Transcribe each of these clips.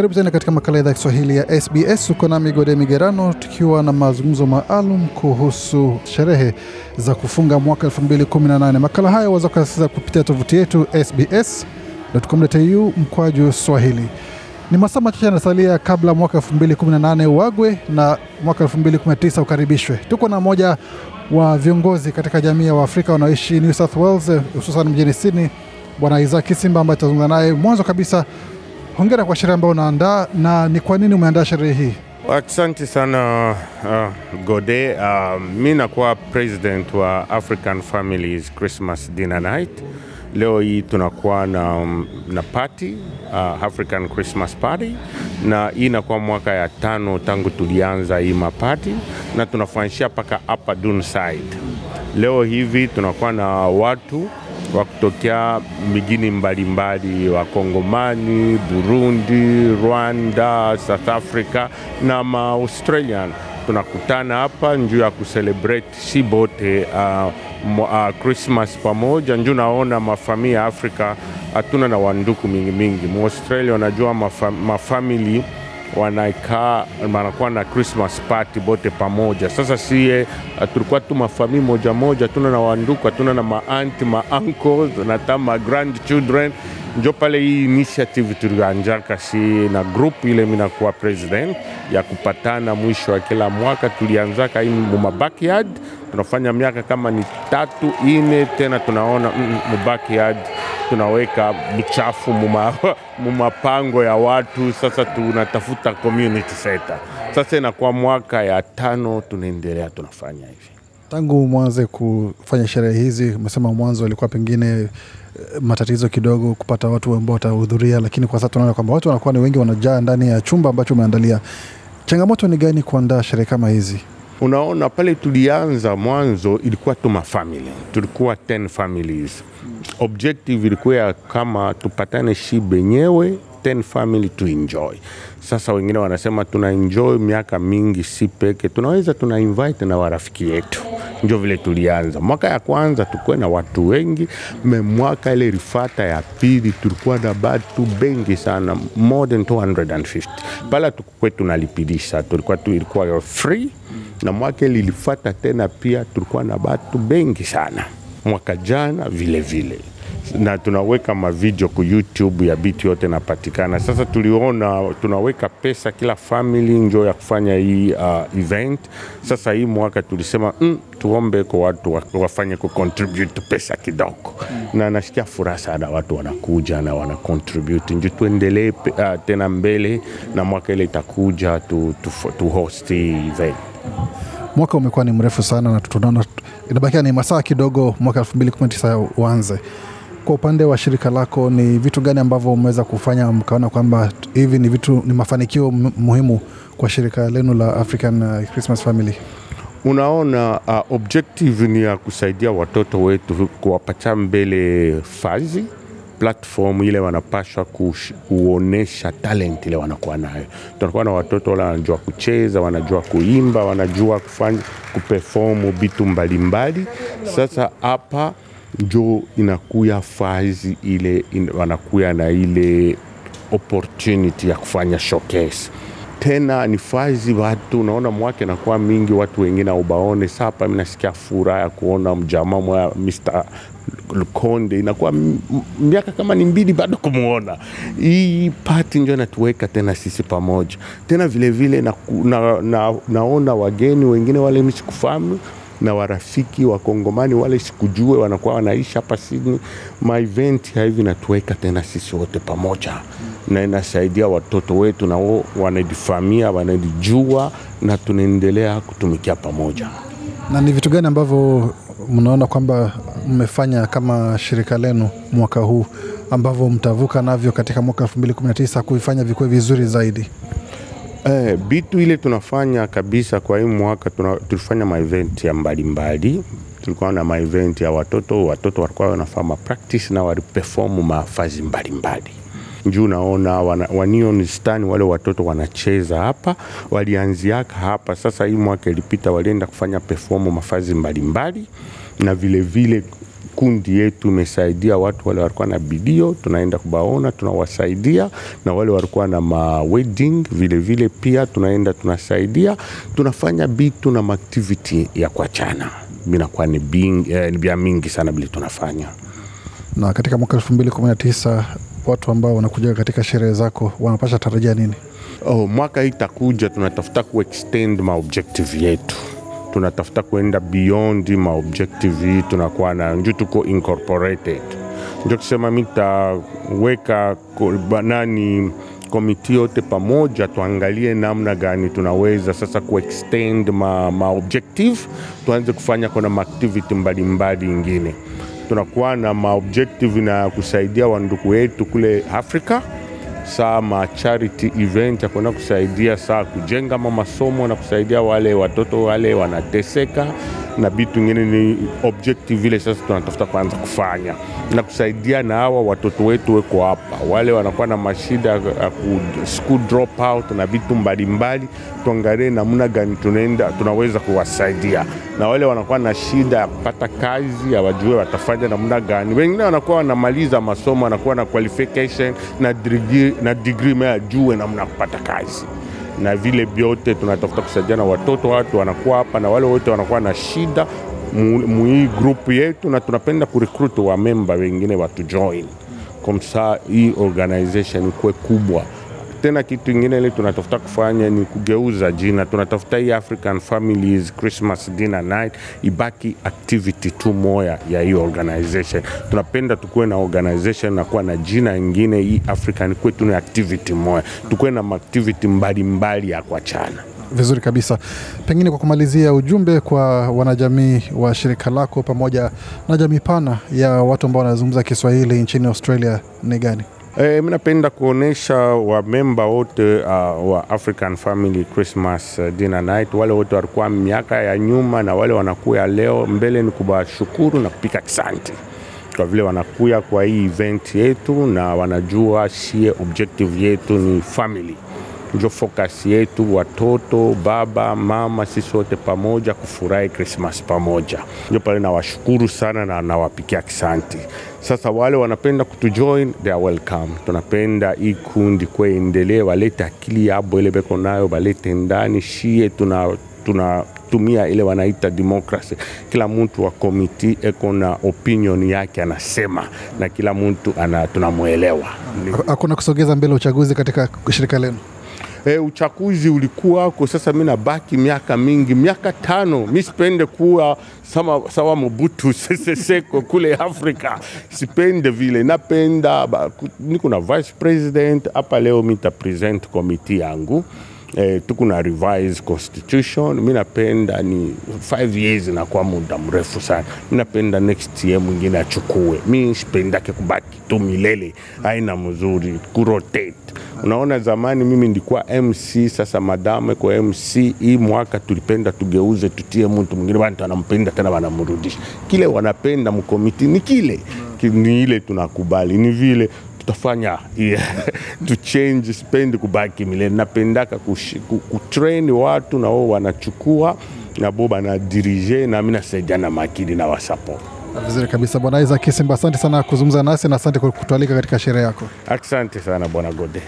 Karibu tena katika makala ya Kiswahili ya SBS. Uko na Migode Migerano tukiwa na mazungumzo maalum kuhusu sherehe za kufunga mwaka 2018. Makala haya waweza kusikiliza kupitia tovuti yetu sbs.com.au mkwaju swahili. Ni masaa machache yanasalia kabla mwaka 2018 uagwe na mwaka 2019 ukaribishwe. Tuko na moja wa viongozi katika jamii ya Waafrika wanaoishi New South Wales, hususan mjini Sydney, Bwana Isaki Simba ambaye tutazungumza naye mwanzo kabisa Hongera kwa sherehe ambayo unaandaa na ni kwa nini umeandaa sherehe hii? Asante sana uh, Gode. Uh, mi nakuwa president wa African Families Christmas Dinner Night. Leo hii tunakuwa na, um, na party uh, African Christmas Party, na hii inakuwa mwaka ya tano tangu tulianza hii mapati, na tunafanyishia mpaka hapa Dunside. Leo hivi tunakuwa na watu wa kutokea mijini mbalimbali wa Kongomani, Burundi, Rwanda, South Africa na Maaustralian tunakutana hapa njuu ya kucelebrate si bote uh, uh, Christmas pamoja njuu. Naona mafamia ya Afrika hatuna na wanduku mingi mingi. Australia unajua mafamili wanakaa wanakuwa na Christmas party bote pamoja. Sasa sie uh, tulikuwa tu mafamii moja moja, tuna na wanduku, tuna na maanti mauncle na ta ma grandchildren njo pale hii initiative tulianjaka si na group ile mina kuwa president ya kupatana mwisho wa kila mwaka. Tulianzaka hii mu backyard, tunafanya miaka kama ni tatu ine, tena tunaona mm, mm, mu backyard tunaweka buchafu mu pango ya watu. Sasa tunatafuta community center. Sasa inakuwa mwaka ya tano tunaendelea tunafanya hivi. Tangu mwanze kufanya sherehe hizi, umesema mwanzo ilikuwa pengine matatizo kidogo kupata watu ambao watahudhuria, lakini kwa sasa tunaona kwamba watu wanakuwa ni wengi, wanajaa ndani ya chumba ambacho umeandalia. Changamoto ni gani kuandaa sherehe kama hizi? Unaona, pale tulianza mwanzo ilikuwa tu mafamili, tulikuwa 10 families. Objective ilikuwa kama tupatane shi benyewe 10 family to enjoy. Sasa wengine wanasema tuna enjoy miaka mingi, si peke tunaweza, tuna invite na warafiki yetu ndio vile tulianza mwaka ya kwanza tukuwe na watu wengi me, mwaka ile rifata ya pili tulikuwa na batu bengi sana, more than 250 pala tukuwe tunalipilisha, tulikuwa tu ilikuwa free, na mwaka ile ilifata tena pia tulikuwa na batu bengi sana mwaka jana vilevile vile na tunaweka mavideo ku YouTube ya bitu yote napatikana. Sasa tuliona tunaweka pesa kila family njo ya kufanya hii uh, event. Sasa hii mwaka tulisema mm, tuombe kwa watu wafanye ku contribute pesa kidogo mm. na nasikia furaha sana watu wanakuja na wana contribute njo tuendelee uh, tena mbele na mwaka ile itakuja tu, tu, tu host event. Mwaka umekuwa ni mrefu sana na tunaona inabakia ni masaa kidogo mwaka 2019 uanze kwa upande wa shirika lako ni vitu gani ambavyo umeweza kufanya mkaona kwamba hivi ni vitu ni mafanikio muhimu kwa shirika lenu la African uh, Christmas Family? Unaona, uh, objective ni ya kusaidia watoto wetu kuwapatia mbele fazi platform ile wanapashwa kuonesha talent ile wanakuwa nayo. Tunakuwa na watoto wala wanajua kucheza, wanajua kuimba, wanajua kufanya kuperform vitu mbalimbali. Sasa hapa njo inakuya fazi ile in, wanakuya na ile opportunity ya kufanya showcase tena ni fazi watu unaona mwake nakuwa mingi, watu wengine aubaone. Sapa nasikia furaha ya kuona mjamaa mwa Mr. Lukonde inakuwa miaka kama ni mbili bado kumuona. Hii pati njo natuweka tena sisi pamoja tena vilevile vile na, na, na, naona wageni wengine wale misikufamu na warafiki wakongomani wale sikujue wanakuwa wanaishi hapa Sydney. Maeventi hivi natuweka tena sisi wote pamoja na inasaidia watoto wetu na wao wanajifamia wanajijua, na tunaendelea kutumikia pamoja. Na ni vitu gani ambavyo mnaona kwamba mmefanya kama shirika lenu mwaka huu ambavyo mtavuka navyo katika mwaka 2019 kuifanya vikuwe vizuri zaidi? Eh, bitu ile tunafanya kabisa kwa hii mwaka tuna, tulifanya maevent ya mbalimbali. Tulikuwa na maevent ya watoto, watoto walikuwa wanafanya ma practice na waliperform mafazi mbalimbali njuu naona wanion stani wale watoto wanacheza hapa, walianziaka hapa. Sasa hii mwaka ilipita walienda kufanya perform mafazi mbalimbali na vilevile vile kundi yetu imesaidia watu wale walikuwa na bidio, tunaenda kubaona, tunawasaidia na wale walikuwa na ma wedding vile vile, pia tunaenda tunasaidia, tunafanya bitu na activity ya kuachana vinakuwa eh, ni bia mingi sana bili tunafanya. Na katika mwaka elfu mbili kumi na tisa watu ambao wanakuja katika sherehe zako wanapasha tarajia nini? Oh, mwaka hii takuja tunatafuta kuextend objective yetu tunatafuta kuenda beyond ma objective, tunakuwa na njuu, tuko incorporated, ndio kusema taweka nani komiti yote pamoja tuangalie namna gani tunaweza sasa kuextend ma, ma objective, tuanze kufanya kuna maaktiviti mbalimbali ingine. Tunakuwa na maobjective na kusaidia wanduku wetu kule Afrika saa ma charity event ya kuenda kusaidia saa kujenga masomo na kusaidia wale watoto wale wanateseka na vitu ingine. Ni objective vile sasa tunatafuta kwanza kufanya na kusaidia na hawa watoto wetu weko hapa, wale wanakuwa na mashida ya school drop out na vitu mbalimbali, tuangalie namna gani tunaenda tunaweza kuwasaidia, na wale wanakuwa na shida ya kupata kazi hawajue watafanya namna gani. Wengine wanakuwa wanamaliza masomo, wanakuwa na qualification na degree na degree maya ajue namna kupata kazi na vile vyote tunatafuta kusaidia na watoto watu wanakuwa hapa na wale wote wanakuwa na shida muhii grupu yetu, na tunapenda kurecruit wa memba wengine watu join komsa, hii organization ikuwe kubwa. Tena kitu ingine ile tunatafuta kufanya ni kugeuza jina, tunatafuta hii African Families Christmas Dinner Night ibaki activity tu moya ya hii organization. Tunapenda tukuwe na organization na kuwa na jina ingine hii African kwetu ni activity moya, tukuwe na activity mbalimbali ya kuachana vizuri kabisa. Pengine kwa kumalizia, ujumbe kwa wanajamii wa shirika lako pamoja na jamii pana ya watu ambao wanazungumza Kiswahili nchini Australia ni gani? Eh, mi napenda kuonesha wamemba wote uh, wa African Family Christmas eh, Dinner Night, wale wote walikuwa miaka ya nyuma na wale wanakuya leo mbele, ni kuwashukuru na kupika kisanti kwa vile wanakuya kwa hii event yetu, na wanajua sie objective yetu ni family, njo focus yetu, watoto, baba, mama, sisi wote pamoja kufurahi Christmas pamoja. Njo pale nawashukuru sana na nawapikia kisanti. Sasa wale wanapenda kutujoin they are welcome. Tunapenda hii kundi kwendelee, walete akili yabo ile beko nayo walete ndani, shie tuna tunatumia ile wanaita democracy. Kila mtu wa komiti eko na opinion yake anasema, na kila mtu tunamwelewa. Hakuna kusogeza mbele uchaguzi katika shirika lenu e, uchaguzi ulikuwako. Sasa mi nabaki miaka mingi, miaka tano. Mi sipende kuwa sama, sawa Mobutu Sese Seko kule Afrika, sipende vile. Napenda niko na vice president hapa. Leo mi nitapresent komiti yangu eh, tuko na revise constitution. Mimi napenda ni 5 years na kwa muda mrefu sana. Mimi napenda next year mwingine achukue. Mimi sipendake kubaki tu milele, haina mzuri kurotate. Unaona, zamani mimi ndikuwa MC, sasa madame kwa MC hii mwaka tulipenda tugeuze, tutie mtu mwingine, bantu anampenda tena wanamrudisha. Kile wanapenda mkomiti ni kile ni ile tunakubali, ni vile tutafanya yeah, to change spend kubaki mile Napendaka kutrain watu na wao wanachukua na bo dirije na mimi nasaidia na makini na wasapo vizuri kabisa. Bwana Isaac Simba, asante sana kuzungumza nasi na asante kwa kutualika katika sherehe yako. Asante sana Bwana Gode.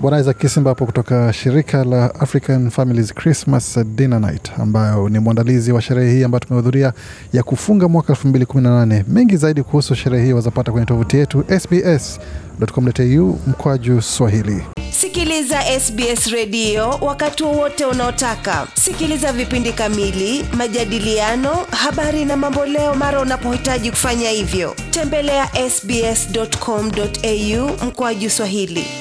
Bwana Isaac Kisimba hapo kutoka shirika la African Families Christmas Dinner Night, ambayo ni mwandalizi wa sherehe hii ambayo tumehudhuria ya kufunga mwaka 2018. Mengi zaidi kuhusu sherehe hii wazapata kwenye tovuti yetu sbs.com.au mkwaju Swahili. Sikiliza SBS redio wakati wowote unaotaka. Sikiliza vipindi kamili, majadiliano, habari na mamboleo mara unapohitaji kufanya hivyo. Tembelea ya sbs.com.au juu Swahili.